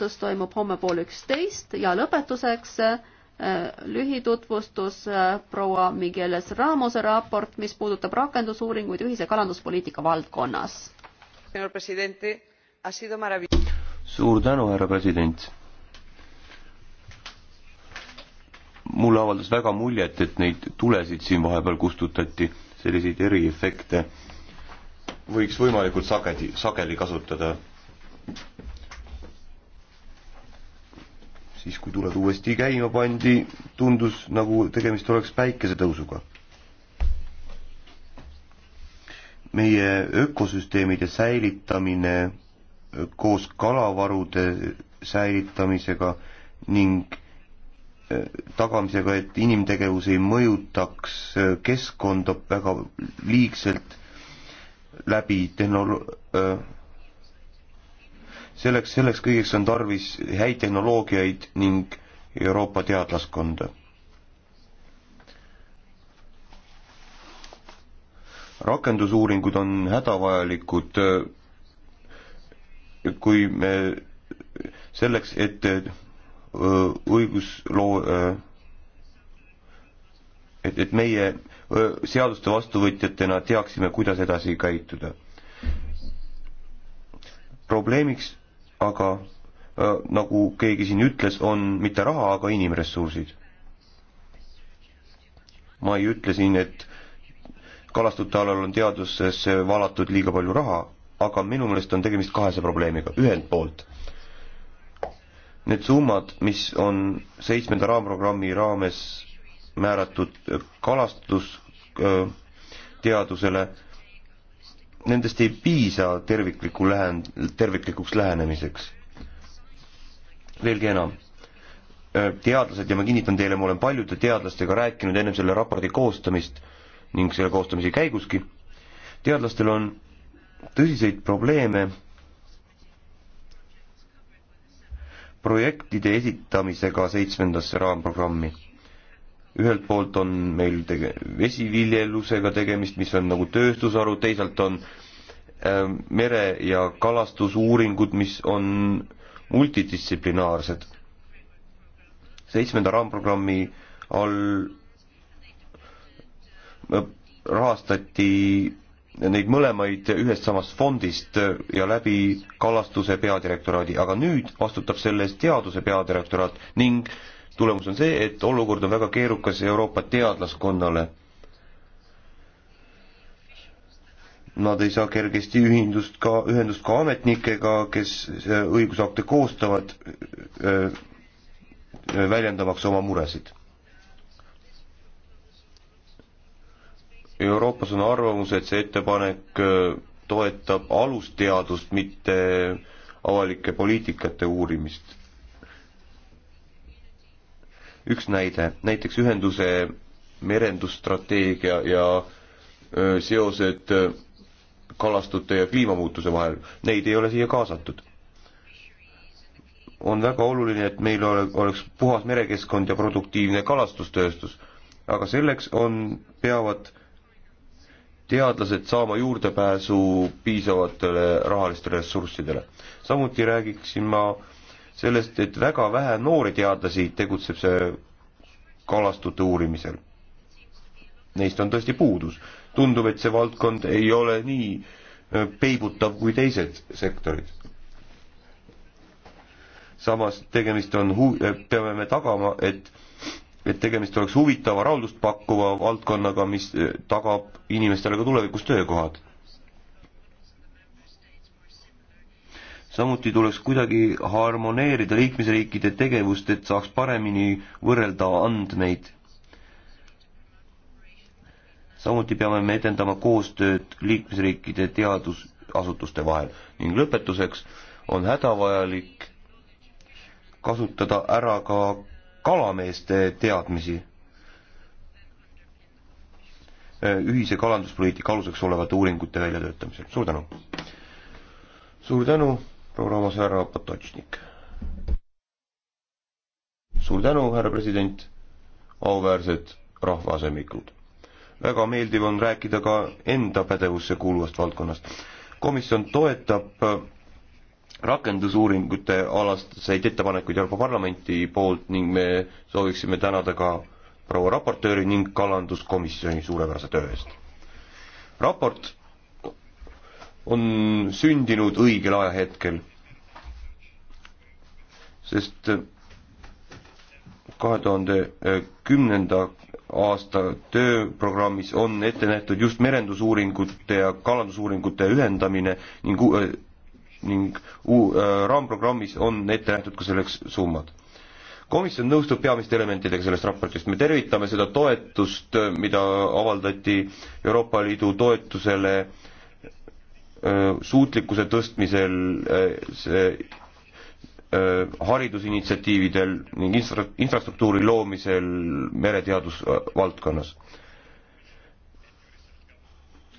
hääletus toimub homme pool üksteist ja lõpetuseks äh, lühitutvustus äh, proua Migueles Ramose raport, mis puudutab rakendusuuringuid ühise kalanduspoliitika valdkonnas. suur tänu, härra president. mulle avaldas väga muljet, et neid tulesid siin vahepeal kustutati, selliseid eriefekte võiks võimalikult sagedi, sageli kasutada siis kui tuled uuesti käima pandi, tundus nagu tegemist oleks päikesetõusuga. meie ökosüsteemide säilitamine koos kalavarude säilitamisega ning e, tagamisega, et inimtegevus ei mõjutaks e, keskkonda väga liigselt läbi tehnolo-, e, selleks, selleks kõigeks on tarvis häid tehnoloogiaid ning Euroopa teadlaskonda. rakendusuuringud on hädavajalikud, äh, kui me selleks, et äh, õigusloo-, äh, et, et meie seaduste vastuvõtjatena teaksime, kuidas edasi käituda. probleemiks aga nagu keegi siin ütles, on mitte raha, aga inimressursid. ma ei ütle siin, et kalastute alal on teadusesse valatud liiga palju raha, aga minu meelest on tegemist kahese probleemiga, ühelt poolt need summad, mis on seitsmenda raamprogrammi raames määratud kalastusteadusele äh,, nendest ei piisa tervikliku lähen-, terviklikuks lähenemiseks. veelgi enam, äh, teadlased ja ma kinnitan teile, ma olen paljude teadlastega rääkinud ennem selle raporti koostamist ning selle koostamise käiguski, teadlastel on tõsiseid probleeme projektide esitamisega seitsmendasse raamprogrammi ühelt poolt on meil tege-, vesiviljelusega tegemist, mis on nagu tööstusharu, teisalt on äh, mere- ja kalastusuuringud, mis on multidistsiplinaarsed. seitsmenda raamprogrammi all äh, rahastati neid mõlemaid ühest samast fondist ja läbi kallastuse peadirektoraadi, aga nüüd vastutab selle eest teaduse peadirektoraat ning tulemus on see, et olukord on väga keerukas Euroopa teadlaskonnale. Nad ei saa kergesti ühendust ka, ühendust ka ametnikega, kes õigusakte koostavad, väljendamaks oma muresid Euroopas on arvamus, et see ettepanek äh, toetab alusteadust, mitte avalike poliitikate uurimist. üks näide, näiteks ühenduse merendusstrateegia ja äh, seosed äh, kalastute ja kliimamuutuse vahel, neid ei ole siia kaasatud. on väga oluline, et meil ole, oleks puhas merekeskkond ja produktiivne kalastustööstus, aga selleks on, peavad teadlased saama juurdepääsu piisavatele rahalistele ressurssidele. samuti räägiksin ma sellest, et väga vähe noori teadlasi tegutseb see kalastute uurimisel. Neist on tõesti puudus. tundub, et see valdkond ei ole nii äh, peibutav kui teised sektorid. samas tegemist on hu-, peame me tagama, et et tegemist oleks huvitava, rahuldust pakkuva valdkonnaga, mis eh, tagab inimestele ka tulevikus töökohad. samuti tuleks kuidagi harmoneerida liikmesriikide tegevust, et saaks paremini võrrelda andmeid. samuti peame me edendama koostööd liikmesriikide teadusasutuste vahel ning lõpetuseks on hädavajalik kasutada ära ka kalameeste teadmisi äh, ühise kalanduspoliitika aluseks olevate uuringute väljatöötamisel. suur tänu! suur tänu, proua Raamas, härra Potočnik! suur tänu, härra president, auväärsed rahvaasemikud! väga meeldiv on rääkida ka enda pädevusse kuuluvast valdkonnast. komisjon toetab rakendusuuringute alaseid ettepanekuid Euroopa Parlamenti poolt ning me sooviksime tänada ka proua raportööri ning kalanduskomisjoni suurepärase töö eest. raport on sündinud õigel ajahetkel, sest kahe tuhande kümnenda aasta tööprogrammis on ette nähtud just merendusuuringute ja kalandusuuringute ühendamine ning ning uu-, äh, raamprogrammis on ette nähtud ka selleks summad. komisjon nõustub peamiste elementidega sellest raportist, me tervitame seda toetust, äh, mida avaldati Euroopa Liidu toetusele äh, suutlikkuse tõstmisel see haridusinitsiatiividel ning infra-, infrastruktuuri loomisel mereteadusvaldkonnas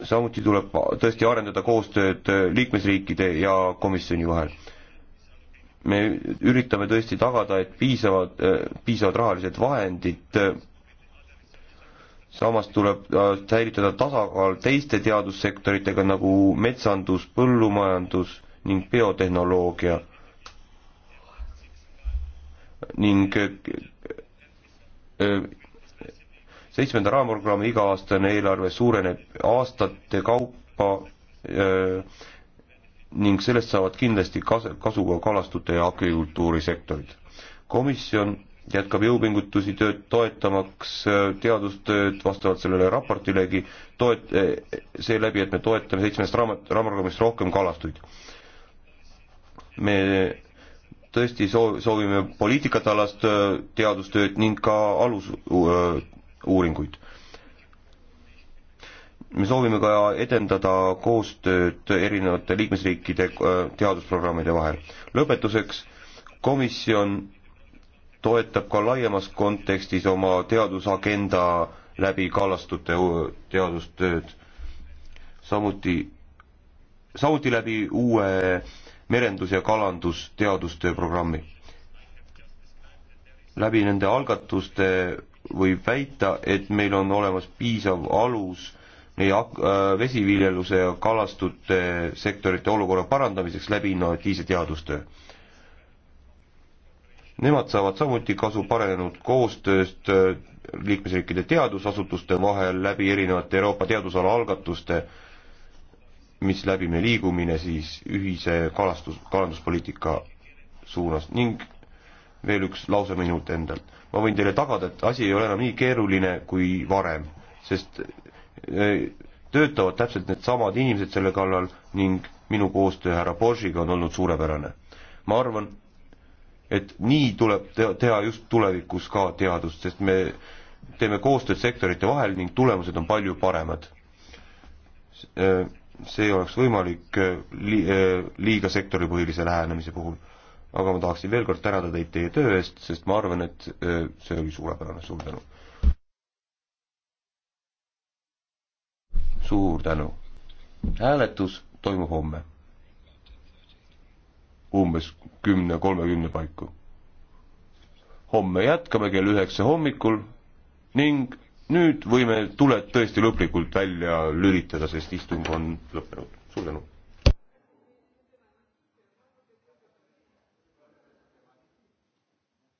samuti tuleb tõesti arendada koostööd äh, liikmesriikide ja komisjoni vahel. me üritame tõesti tagada, et piisavad, äh, piisavad rahalised vahendid, äh, samas tuleb säilitada tasakaal teiste teadussektoritega nagu metsandus, põllumajandus ning biotehnoloogia ning seitsmenda raamprogrammi iga-aastane eelarve suureneb aastate kaupa öö, ning sellest saavad kindlasti kas-, kasu ka kalastute ja agrikultuurisektorid. komisjon jätkab jõupingutusi tööd toetamaks teadustööd vastavalt sellele raportilegi, toet-, seeläbi, et me toetame seitsmest raamat, raamatukogumis rohkem kalastuid. me tõesti soov-, soovime poliitikatalast teadustööd ning ka alus- uuringuid. me soovime ka edendada koostööd erinevate liikmesriikide äh, teadusprogrammide vahel. lõpetuseks, komisjon toetab ka laiemas kontekstis oma teadusagenda läbi kallastute äh, teadustööd, samuti, samuti läbi uue merendus- ja kalandusteadustöö programmi. läbi nende algatuste võib väita, et meil on olemas piisav alus meie äh, vesiviljeluse ja kalastute sektorite olukorra parandamiseks läbi innovatiivse teadustöö. Nemad saavad samuti kasu paranenud koostööst äh, liikmesriikide teadusasutuste vahel läbi erinevate Euroopa teadusala algatuste, mis läbi me liigumine siis ühise kalastus, kalanduspoliitika suunas ning veel üks lause minult endalt. ma võin teile tagada, et asi ei ole enam nii keeruline kui varem, sest äh, töötavad täpselt needsamad inimesed selle kallal ning minu koostöö härra Borschiga on olnud suurepärane. ma arvan, et nii tuleb teha just tulevikus ka teadust, sest me teeme koostööd sektorite vahel ning tulemused on palju paremad. Äh, see oleks võimalik äh, liiga sektoripõhilise lähenemise puhul aga ma tahaksin veel kord tänada teid teie töö eest, sest ma arvan, et see oli suurepärane, suur tänu. suur tänu. hääletus toimub homme. umbes kümne, kolmekümne paiku. homme jätkame kell üheksa hommikul ning nüüd võime tuled tõesti lõplikult välja lülitada, sest istung on lõppenud. suur tänu.